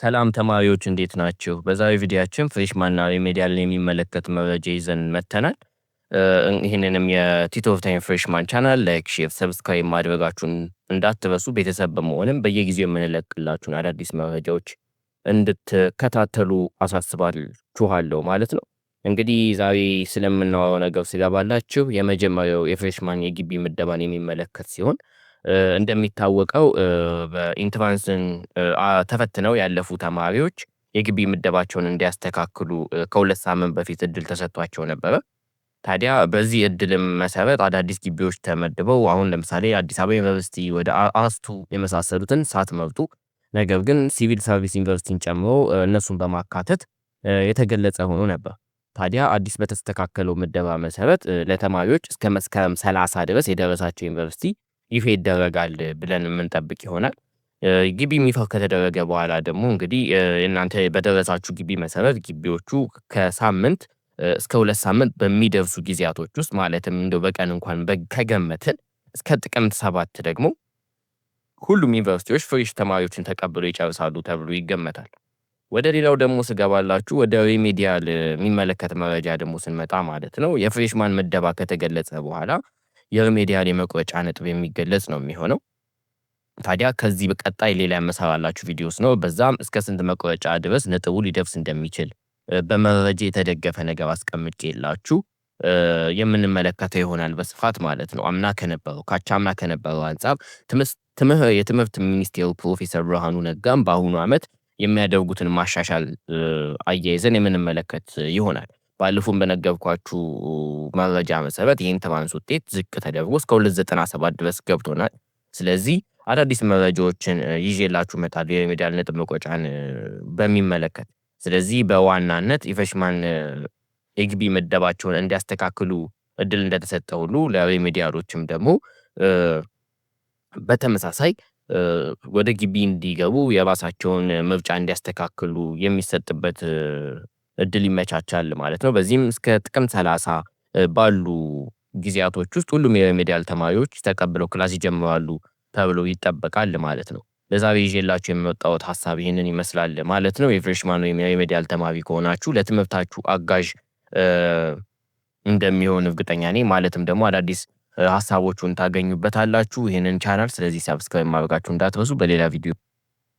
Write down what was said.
ሰላም ተማሪዎች እንዴት ናችሁ? በዛሬው ቪዲያችን ፍሬሽማንና እና ሪሜዲያልን የሚመለከት መረጃ ይዘን መተናል። ይህንንም የቲቶ ኦፍ ታይም ፍሬሽማን ቻናል ላይክ፣ ሼር፣ ሰብስክራይብ ማድረጋችሁን እንዳትረሱ ቤተሰብ በመሆንም በየጊዜው የምንለቅላችሁን አዳዲስ መረጃዎች እንድትከታተሉ አሳስባችኋለሁ ማለት ነው። እንግዲህ ዛሬ ስለምናወራው ነገር ስገባላችሁ የመጀመሪያው የፍሬሽማን የግቢ ምደባን የሚመለከት ሲሆን እንደሚታወቀው በኢንትራንስን ተፈትነው ያለፉ ተማሪዎች የግቢ ምደባቸውን እንዲያስተካክሉ ከሁለት ሳምንት በፊት እድል ተሰጥቷቸው ነበረ። ታዲያ በዚህ እድልም መሰረት አዳዲስ ግቢዎች ተመድበው አሁን ለምሳሌ አዲስ አበባ ዩኒቨርሲቲ ወደ አስቱ የመሳሰሉትን ሳትመርጡ ነገር ግን ሲቪል ሰርቪስ ዩኒቨርሲቲን ጨምሮ እነሱን በማካተት የተገለጸ ሆኖ ነበር። ታዲያ አዲስ በተስተካከለው ምደባ መሰረት ለተማሪዎች እስከ መስከረም ሰላሳ ድረስ የደረሳቸው ዩኒቨርሲቲ ይፋ ይደረጋል ብለን የምንጠብቅ ይሆናል። ግቢ ይፋ ከተደረገ በኋላ ደግሞ እንግዲህ እናንተ በደረሳችሁ ግቢ መሰረት ግቢዎቹ ከሳምንት እስከ ሁለት ሳምንት በሚደርሱ ጊዜያቶች ውስጥ ማለትም እንደው በቀን እንኳን ከገመትን እስከ ጥቅምት ሰባት ደግሞ ሁሉም ዩኒቨርሲቲዎች ፍሬሽ ተማሪዎችን ተቀብለው ይጨርሳሉ ተብሎ ይገመታል። ወደ ሌላው ደግሞ ስገባላችሁ ወደ ሪሜዲያል የሚመለከት መረጃ ደግሞ ስንመጣ ማለት ነው የፍሬሽማን ምደባ ከተገለጸ በኋላ የሪሜዲያል የመቁረጫ ነጥብ የሚገለጽ ነው የሚሆነው። ታዲያ ከዚህ በቀጣይ ሌላ ያመሰራላችሁ ቪዲዮስ ነው። በዛም እስከ ስንት መቁረጫ ድረስ ነጥቡ ሊደርስ እንደሚችል በመረጃ የተደገፈ ነገር አስቀምጬ የላችሁ የምንመለከተው ይሆናል በስፋት ማለት ነው። አምና ከነበረው ካቻምና ከነበረው አንጻር የትምህርት ሚኒስቴሩ ፕሮፌሰር ብርሃኑ ነጋም በአሁኑ ዓመት የሚያደርጉትን ማሻሻል አያይዘን የምንመለከት ይሆናል። ባለፉን በነገብኳችሁ መረጃ መሰረት ይህን ትራንስ ውጤት ዝቅ ተደርጎ እስከ 297 ድረስ ገብቶናል። ስለዚህ አዳዲስ መረጃዎችን ይዤላችሁ እመጣለሁ የሪሜዲያል ነጥብ መቆጫን በሚመለከት። ስለዚህ በዋናነት የፍሬሽማን ኤግቢ መደባቸውን እንዲያስተካክሉ እድል እንደተሰጠ ሁሉ ለሬሜዲያሎችም ደግሞ በተመሳሳይ ወደ ግቢ እንዲገቡ የራሳቸውን ምርጫ እንዲያስተካክሉ የሚሰጥበት እድል ይመቻቻል ማለት ነው። በዚህም እስከ ጥቅምት 30 ባሉ ጊዜያቶች ውስጥ ሁሉም የሪሜዲያል ተማሪዎች ተቀብለው ክላስ ይጀምራሉ ተብሎ ይጠበቃል ማለት ነው። ለዛሬ ይዤላችሁ የመጣሁት ሀሳብ ይህንን ይመስላል ማለት ነው። የፍሬሽማን ወይም የሪሜዲያል ተማሪ ከሆናችሁ ለትምህርታችሁ አጋዥ እንደሚሆን እርግጠኛ ነኝ። ማለትም ደግሞ አዳዲስ ሀሳቦቹን ታገኙበታላችሁ። ይህንን ቻናል ስለዚህ ሰብስክራይብ ማድረጋችሁ እንዳትረሱ። በሌላ ቪዲዮ